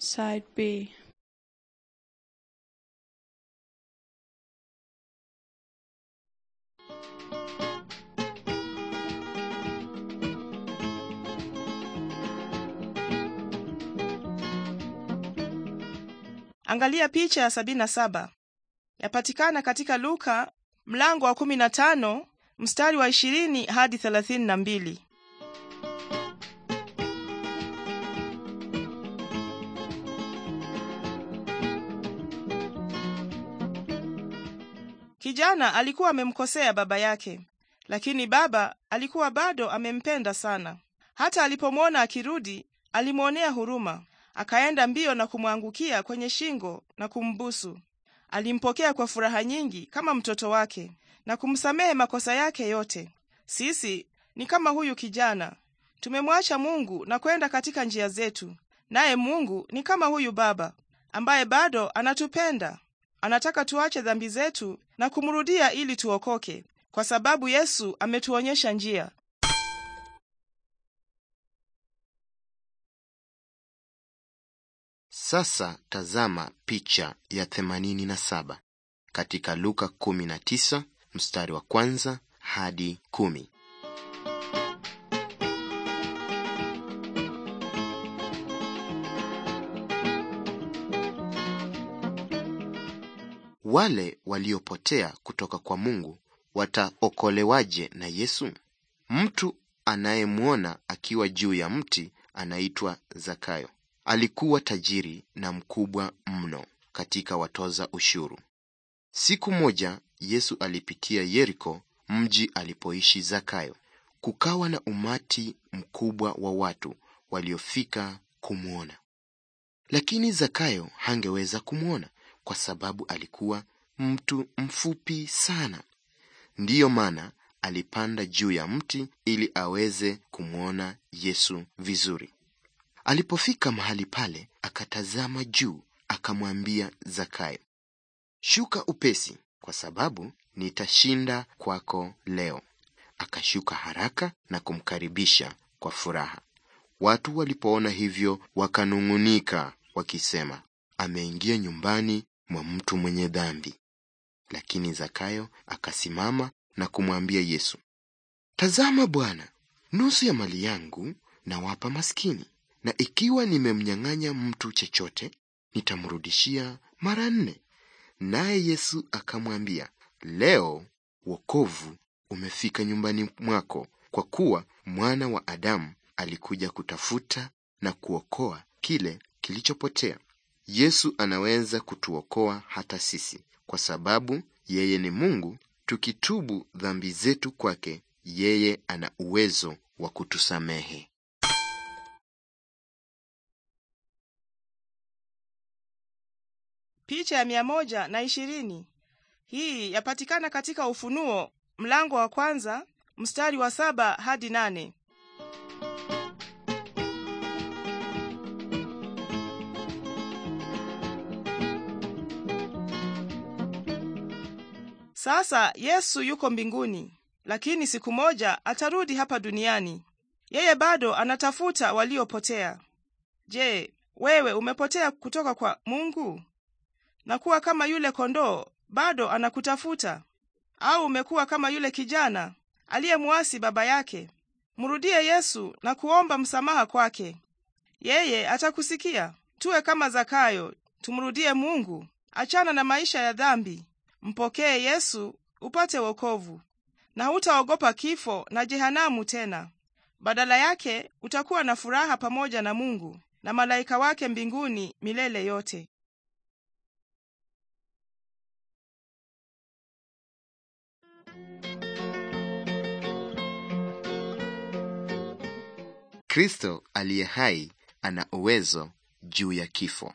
side B. Angalia picha ya sabini na saba. Yapatikana katika Luka mlango wa kumi na tano mstari wa ishirini hadi thelathini na mbili. Kijana alikuwa amemkosea baba yake, lakini baba alikuwa bado amempenda sana. Hata alipomwona akirudi, alimwonea huruma, akaenda mbio na kumwangukia kwenye shingo na kumbusu. Alimpokea kwa furaha nyingi kama mtoto wake na kumsamehe makosa yake yote. Sisi ni kama huyu kijana, tumemwacha Mungu na kwenda katika njia zetu, naye Mungu ni kama huyu baba ambaye bado anatupenda. Anataka tuache dhambi zetu na kumrudia ili tuokoke, kwa sababu Yesu ametuonyesha njia. Sasa tazama picha ya 87 katika Luka 19 mstari wa kwanza hadi kumi. wale waliopotea kutoka kwa Mungu wataokolewaje na Yesu? Mtu anayemwona akiwa juu ya mti anaitwa Zakayo. Alikuwa tajiri na mkubwa mno katika watoza ushuru. Siku moja Yesu alipitia Yeriko, mji alipoishi Zakayo. Kukawa na umati mkubwa wa watu waliofika kumwona, lakini Zakayo hangeweza kumwona kwa sababu alikuwa mtu mfupi sana. Ndiyo maana alipanda juu ya mti ili aweze kumwona Yesu vizuri. Alipofika mahali pale, akatazama juu, akamwambia Zakayo, shuka upesi, kwa sababu nitashinda kwako leo. Akashuka haraka na kumkaribisha kwa furaha. Watu walipoona hivyo, wakanung'unika wakisema, ameingia nyumbani mwa mtu mwenye dhambi. Lakini Zakayo akasimama na kumwambia Yesu, Tazama Bwana, nusu ya mali yangu nawapa maskini, na ikiwa nimemnyang'anya mtu chochote nitamrudishia mara nne. Naye Yesu akamwambia, leo wokovu umefika nyumbani mwako, kwa kuwa mwana wa Adamu alikuja kutafuta na kuokoa kile kilichopotea. Yesu anaweza kutuokoa hata sisi, kwa sababu yeye ni Mungu. Tukitubu dhambi zetu kwake, yeye ana uwezo wa kutusamehe. Picha ya mia moja na ishirini hii yapatikana katika Ufunuo mlango wa kwanza mstari wa saba hadi nane. Sasa Yesu yuko mbinguni, lakini siku moja atarudi hapa duniani. Yeye bado anatafuta waliopotea. Je, wewe umepotea kutoka kwa Mungu na kuwa kama yule kondoo bado anakutafuta? Au umekuwa kama yule kijana aliyemwasi baba yake? Mrudie Yesu na kuomba msamaha kwake, yeye atakusikia. Tuwe kama Zakayo, tumrudie Mungu. Achana na maisha ya dhambi, Mpokee Yesu upate wokovu, na hutaogopa kifo na jehanamu tena. Badala yake utakuwa na furaha pamoja na Mungu na malaika wake mbinguni milele yote. Kristo aliye hai ana uwezo juu ya kifo.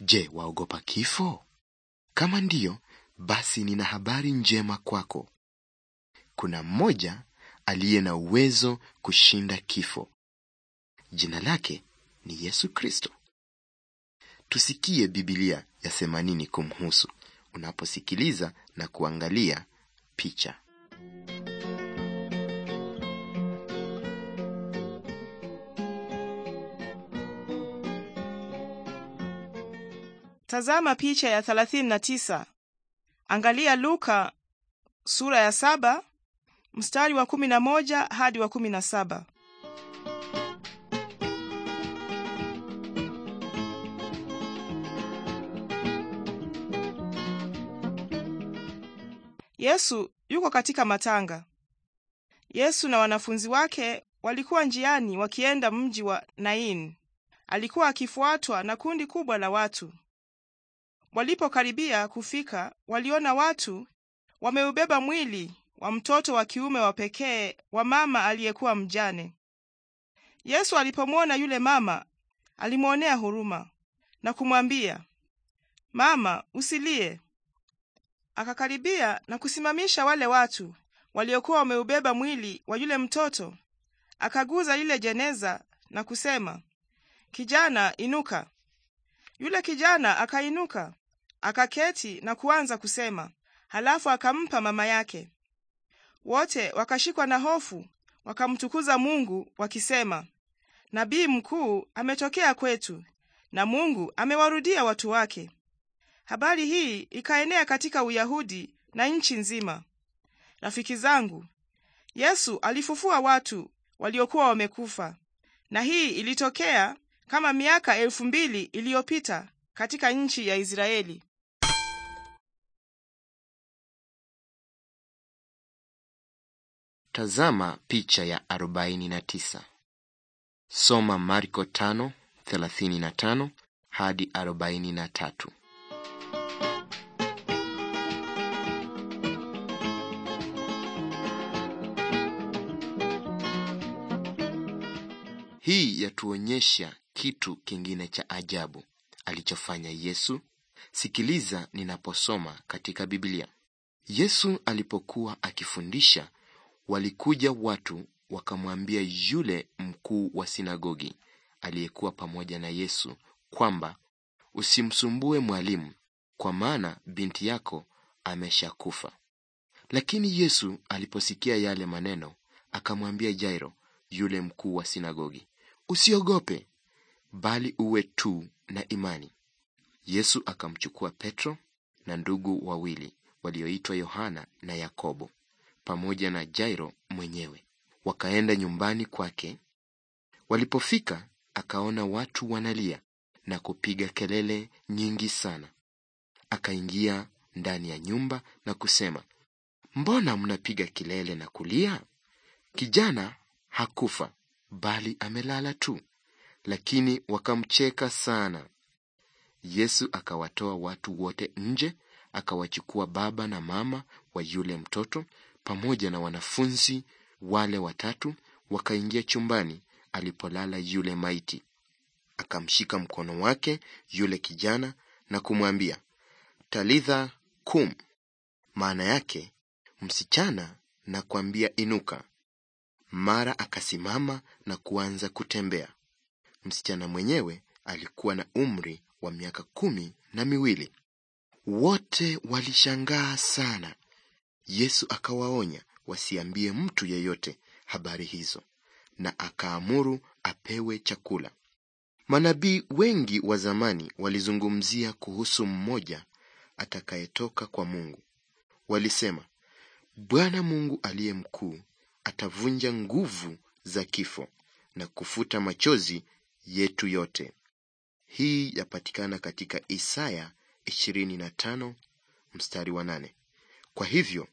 Je, waogopa kifo? Kama ndiyo, basi nina habari njema kwako. Kuna mmoja aliye na uwezo kushinda kifo. Jina lake ni Yesu Kristo. Tusikie Biblia yasema nini kumhusu unaposikiliza na kuangalia picha. Tazama picha ya 39. Angalia Luka sura ya saba mstari wa 11 hadi wa 17. Yesu yuko katika matanga. Yesu na wanafunzi wake walikuwa njiani wakienda mji wa Nain. Alikuwa akifuatwa na kundi kubwa la watu. Walipokaribia kufika, waliona watu wameubeba mwili wa mtoto wa kiume wa pekee wa mama aliyekuwa mjane. Yesu alipomwona yule mama, alimwonea huruma na kumwambia, "Mama, usilie." Akakaribia na kusimamisha wale watu waliokuwa wameubeba mwili wa yule mtoto, akaguza lile jeneza na kusema, "Kijana, inuka." Yule kijana akainuka Akaketi na kuanza kusema, halafu akampa mama yake. Wote wakashikwa na hofu, wakamtukuza Mungu wakisema, nabii mkuu ametokea kwetu, na Mungu amewarudia watu wake. Habari hii ikaenea katika Uyahudi na nchi nzima. Rafiki zangu, Yesu alifufua watu waliokuwa wamekufa, na hii ilitokea kama miaka elfu mbili iliyopita katika nchi ya Israeli. Tazama picha ya 49. Soma Marko 5:35 hadi 43. Hii yatuonyesha kitu kingine cha ajabu alichofanya Yesu. Sikiliza ninaposoma katika Biblia. Yesu alipokuwa akifundisha walikuja watu wakamwambia yule mkuu wa sinagogi aliyekuwa pamoja na Yesu kwamba usimsumbue mwalimu, kwa maana binti yako ameshakufa. Lakini Yesu aliposikia yale maneno, akamwambia Jairo, yule mkuu wa sinagogi, usiogope, bali uwe tu na imani. Yesu akamchukua Petro na ndugu wawili walioitwa Yohana na Yakobo pamoja na Jairo mwenyewe, wakaenda nyumbani kwake. Walipofika akaona watu wanalia na kupiga kelele nyingi sana. Akaingia ndani ya nyumba na kusema, mbona mnapiga kelele na kulia? Kijana hakufa bali amelala tu. Lakini wakamcheka sana. Yesu akawatoa watu wote nje, akawachukua baba na mama wa yule mtoto pamoja na wanafunzi wale watatu wakaingia chumbani alipolala yule maiti. Akamshika mkono wake yule kijana na kumwambia talitha kum, maana yake msichana, na kuambia inuka. Mara akasimama na kuanza kutembea. Msichana mwenyewe alikuwa na umri wa miaka kumi na miwili. Wote walishangaa sana. Yesu akawaonya wasiambie mtu yeyote habari hizo, na akaamuru apewe chakula. Manabii wengi wa zamani walizungumzia kuhusu mmoja atakayetoka kwa Mungu. Walisema, Bwana Mungu aliye mkuu atavunja nguvu za kifo na kufuta machozi yetu yote. Hii yapatikana katika Isaya 25 mstari wa 8. Kwa hivyo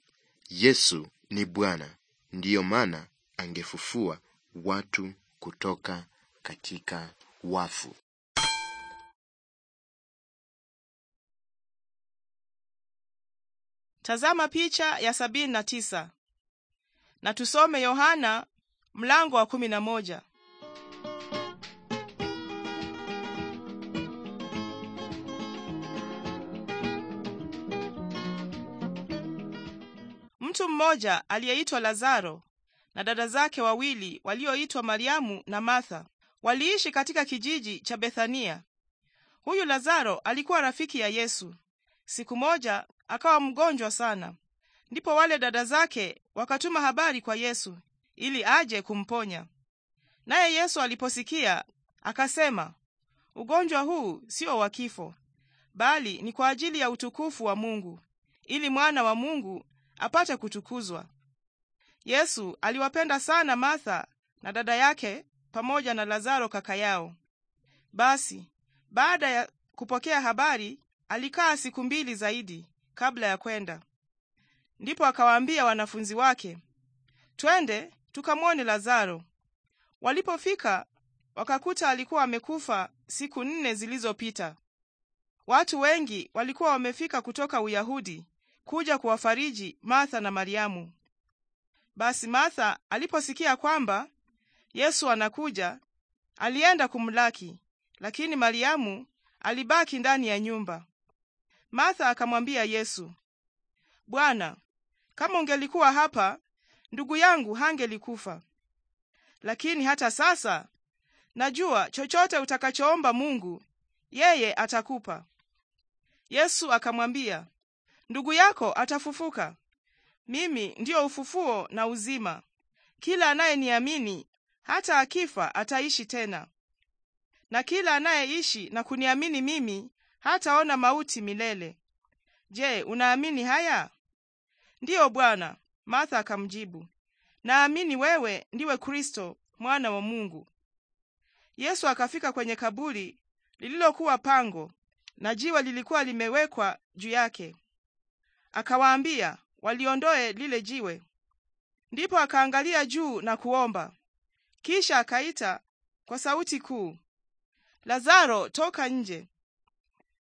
Yesu ni Bwana, ndiyo maana angefufua watu kutoka katika wafu. Tazama picha ya sabini na tisa na tusome Yohana mlango wa kumi na moja. Mtu mmoja aliyeitwa Lazaro na dada zake wawili walioitwa Mariamu na Martha waliishi katika kijiji cha Bethania. Huyu Lazaro alikuwa rafiki ya Yesu. Siku moja akawa mgonjwa sana, ndipo wale dada zake wakatuma habari kwa Yesu ili aje kumponya. Naye Yesu aliposikia akasema, ugonjwa huu sio wa kifo, bali ni kwa ajili ya utukufu wa Mungu, ili mwana wa Mungu apate kutukuzwa. Yesu aliwapenda sana Martha na dada yake pamoja na Lazaro kaka yao. Basi baada ya kupokea habari, alikaa siku mbili zaidi kabla ya kwenda. Ndipo akawaambia wanafunzi wake, twende tukamwone Lazaro. Walipofika wakakuta alikuwa amekufa siku nne zilizopita. Watu wengi walikuwa wamefika kutoka Uyahudi kuja kuwafariji Martha na Mariamu. Basi Martha aliposikia kwamba Yesu anakuja, alienda kumlaki, lakini Mariamu alibaki ndani ya nyumba. Martha akamwambia Yesu, Bwana, kama ungelikuwa hapa, ndugu yangu hangelikufa. Lakini hata sasa najua chochote utakachoomba Mungu, yeye atakupa. Yesu akamwambia, ndugu yako atafufuka. Mimi ndiyo ufufuo na uzima. Kila anayeniamini hata akifa ataishi tena, na kila anayeishi na kuniamini mimi hataona mauti milele. Je, unaamini haya? Ndiyo Bwana, Martha akamjibu. Naamini wewe ndiwe Kristo mwana wa Mungu. Yesu akafika kwenye kaburi lililokuwa pango na jiwe lilikuwa limewekwa juu yake akawaambia waliondoe lile jiwe. Ndipo akaangalia juu na kuomba. Kisha akaita kwa sauti kuu, Lazaro, toka nje.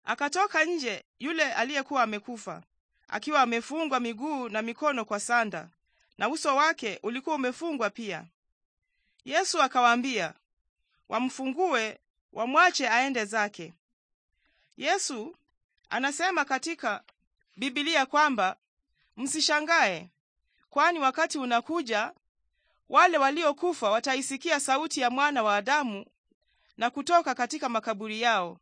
Akatoka nje yule aliyekuwa amekufa, akiwa amefungwa miguu na mikono kwa sanda, na uso wake ulikuwa umefungwa pia. Yesu akawaambia wamfungue, wamwache aende zake. Yesu anasema katika Biblia kwamba msishangae, kwani wakati unakuja wale waliokufa wataisikia sauti ya mwana wa Adamu na kutoka katika makaburi yao.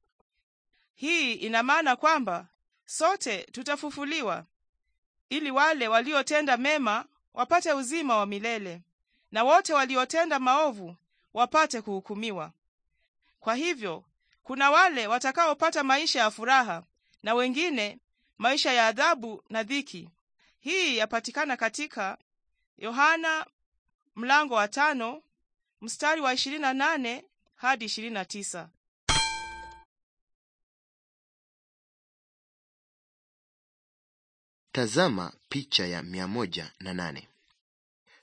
Hii ina maana kwamba sote tutafufuliwa ili wale waliotenda mema wapate uzima wa milele na wote waliotenda maovu wapate kuhukumiwa. Kwa hivyo kuna wale watakaopata maisha ya furaha na wengine maisha ya adhabu na dhiki. Hii yapatikana katika Yohana mlango wa tano mstari wa 28 hadi 29. Tazama picha ya 108.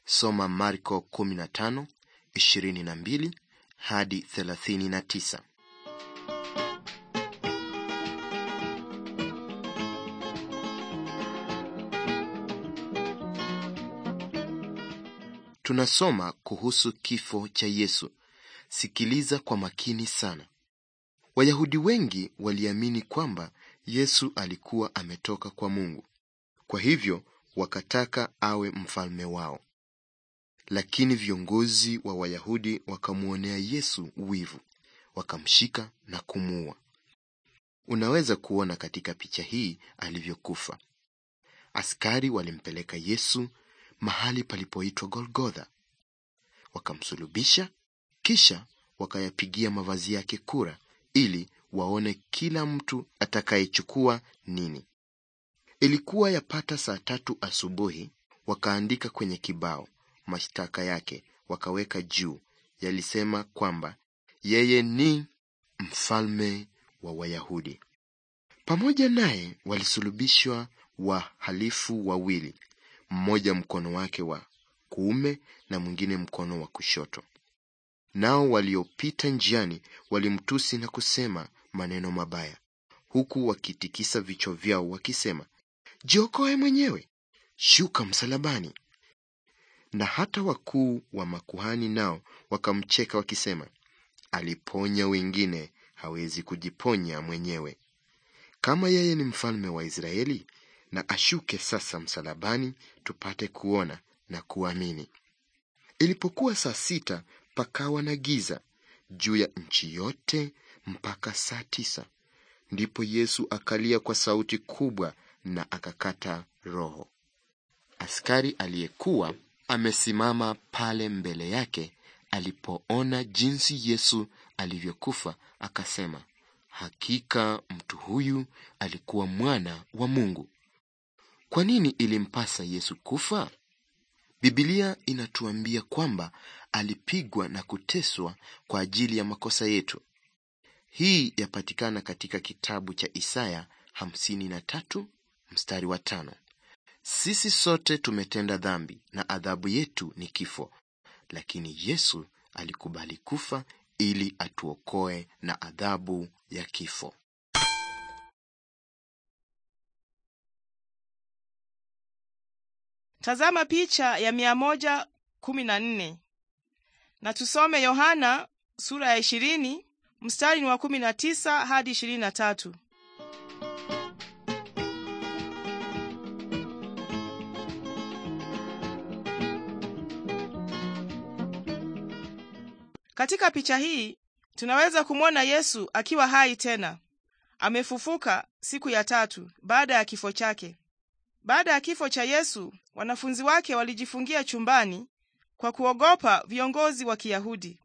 Soma Marko 15:22 hadi 39. tunasoma kuhusu kifo cha Yesu. Sikiliza kwa makini sana. Wayahudi wengi waliamini kwamba Yesu alikuwa ametoka kwa Mungu, kwa hivyo wakataka awe mfalme wao. Lakini viongozi wa Wayahudi wakamwonea Yesu wivu, wakamshika na kumuua. Unaweza kuona katika picha hii alivyokufa. Askari walimpeleka Yesu mahali palipoitwa Golgotha. Wakamsulubisha, kisha wakayapigia mavazi yake kura ili waone kila mtu atakayechukua nini. Ilikuwa yapata saa tatu asubuhi, wakaandika kwenye kibao mashtaka yake, wakaweka juu. Yalisema kwamba yeye ni mfalme wa Wayahudi. Pamoja naye walisulubishwa wahalifu wawili, mmoja mkono wake wa kuume na mwingine mkono wa kushoto. Nao waliopita njiani walimtusi na kusema maneno mabaya, huku wakitikisa vichwa vyao wakisema, jiokoe mwenyewe, shuka msalabani. Na hata wakuu wa makuhani nao wakamcheka wakisema, aliponya wengine, hawezi kujiponya mwenyewe. Kama yeye ni mfalme wa Israeli, na ashuke sasa msalabani tupate kuona na kuamini. Ilipokuwa saa sita, pakawa na giza juu ya nchi yote mpaka saa tisa. Ndipo Yesu akalia kwa sauti kubwa na akakata roho. Askari aliyekuwa amesimama pale mbele yake alipoona jinsi Yesu alivyokufa, akasema, hakika mtu huyu alikuwa mwana wa Mungu. Kwa nini ilimpasa Yesu kufa? Biblia inatuambia kwamba alipigwa na kuteswa kwa ajili ya makosa yetu. Hii yapatikana katika kitabu cha Isaya 53 mstari wa tano. Sisi sote tumetenda dhambi na adhabu yetu ni kifo, lakini Yesu alikubali kufa ili atuokoe na adhabu ya kifo. Tazama picha ya 114 na tusome Yohana sura ya 20 mstari wa 19 hadi 23. Katika picha hii tunaweza kumwona Yesu akiwa hai tena, amefufuka siku ya tatu baada ya kifo chake. Baada ya kifo cha Yesu, wanafunzi wake walijifungia chumbani kwa kuogopa viongozi wa Kiyahudi.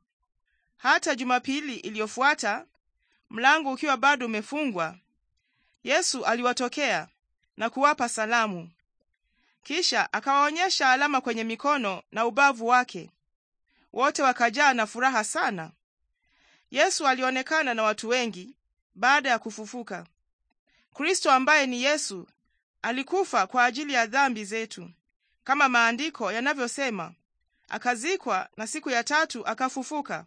Hata Jumapili iliyofuata, mlango ukiwa bado umefungwa, Yesu aliwatokea na kuwapa salamu. Kisha akawaonyesha alama kwenye mikono na ubavu wake. Wote wakajaa na furaha sana. Yesu alionekana na watu wengi baada ya kufufuka. Kristo ambaye ni Yesu alikufa kwa ajili ya dhambi zetu kama maandiko yanavyosema, akazikwa na siku ya tatu akafufuka.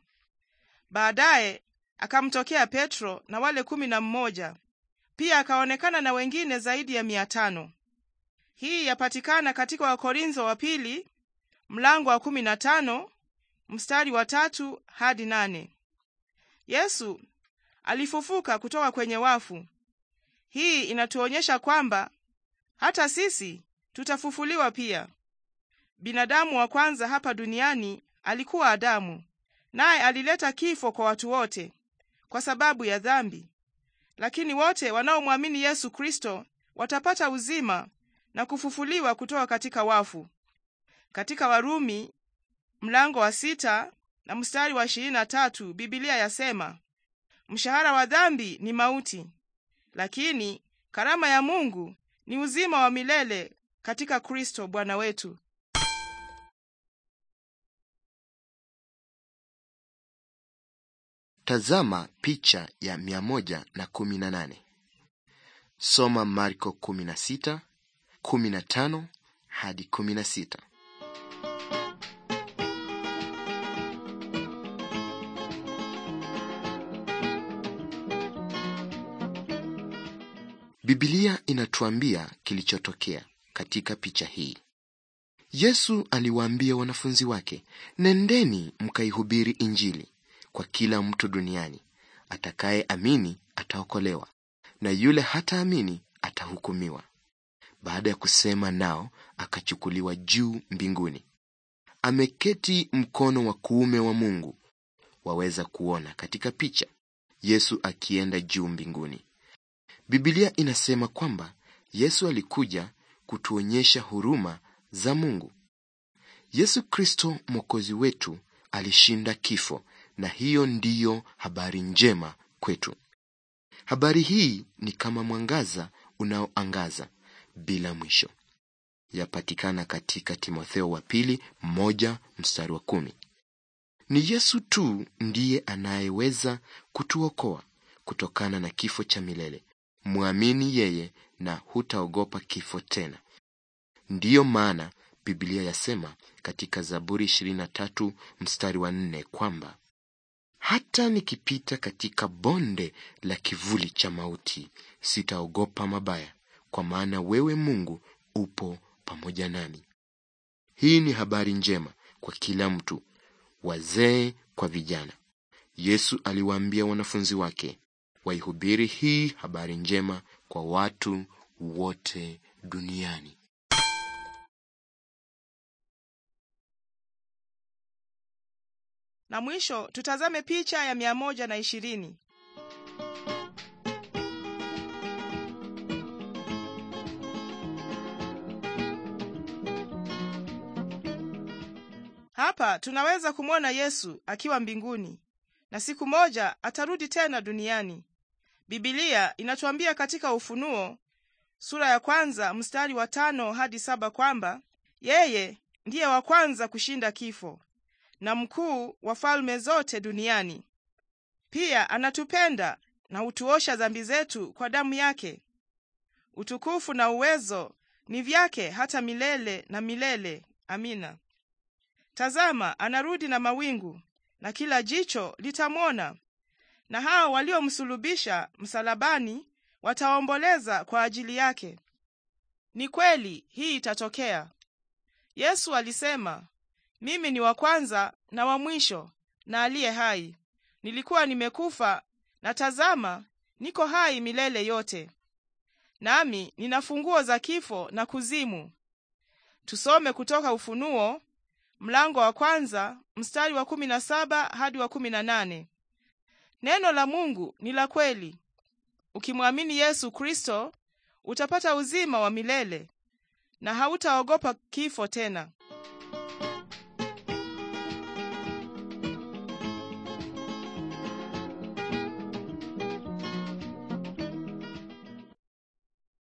Baadaye akamtokea Petro na wale kumi na mmoja, pia akaonekana na wengine zaidi ya mia tano. Hii yapatikana katika wakorinzo wa pili mlango wa kumi na tano mstari wa tatu hadi nane. Yesu alifufuka kutoka kwenye wafu. Hii inatuonyesha kwamba hata sisi tutafufuliwa pia. Binadamu wa kwanza hapa duniani alikuwa Adamu, naye alileta kifo kwa watu wote kwa sababu ya dhambi, lakini wote wanaomwamini Yesu Kristo watapata uzima na kufufuliwa kutoka katika wafu. Katika Warumi mlango wa sita na mstari wa ishirini na tatu bibilia yasema, mshahara wa dhambi ni mauti, lakini karama ya Mungu ni uzima wa milele katika Kristo Bwana wetu. Tazama picha ya 118. Soma Marko 16, 15 hadi 16. Biblia inatuambia kilichotokea katika picha hii. Yesu aliwaambia wanafunzi wake, nendeni mkaihubiri Injili kwa kila mtu duniani. Atakaye amini ataokolewa, na yule hataamini atahukumiwa. Baada ya kusema nao, akachukuliwa juu mbinguni. Ameketi mkono wa kuume wa Mungu. Waweza kuona katika picha Yesu akienda juu mbinguni. Biblia inasema kwamba Yesu alikuja kutuonyesha huruma za Mungu. Yesu Kristo Mwokozi wetu alishinda kifo, na hiyo ndiyo habari njema kwetu. Habari hii ni kama mwangaza unaoangaza bila mwisho. Yapatikana katika Timotheo wa pili moja mstari wa kumi. Ni Yesu tu ndiye anayeweza kutuokoa kutokana na kifo cha milele. Mwamini yeye na hutaogopa kifo tena. Ndiyo maana Biblia yasema katika Zaburi 23 mstari wa nne kwamba hata nikipita katika bonde la kivuli cha mauti, sitaogopa mabaya, kwa maana wewe Mungu upo pamoja nami. Hii ni habari njema kwa kila mtu, wazee kwa vijana. Yesu aliwaambia wanafunzi wake waihubiri hii habari njema kwa watu wote duniani. Na mwisho tutazame picha ya mia moja na ishirini. Hapa tunaweza kumwona Yesu akiwa mbinguni na siku moja atarudi tena duniani. Bibilia inatuambia katika Ufunuo sura ya kwanza mstari wa tano hadi saba kwamba yeye ndiye wa kwanza kushinda kifo na mkuu wa falme zote duniani. Pia anatupenda na hutuosha dhambi zetu kwa damu yake. Utukufu na uwezo ni vyake hata milele na milele. Amina. Tazama, anarudi na mawingu, na kila jicho litamwona, na hao waliomsulubisha msalabani wataomboleza kwa ajili yake. Ni kweli hii itatokea. Yesu alisema, mimi ni wa kwanza na wa mwisho na aliye hai. Nilikuwa nimekufa, na tazama, niko hai milele yote, nami nina funguo za kifo na kuzimu. Tusome kutoka Ufunuo mlango wa kwanza mstari wa kumi na saba hadi wa kumi na nane. Neno la Mungu ni la kweli. Ukimwamini Yesu Kristo utapata uzima wa milele na hautaogopa kifo tena.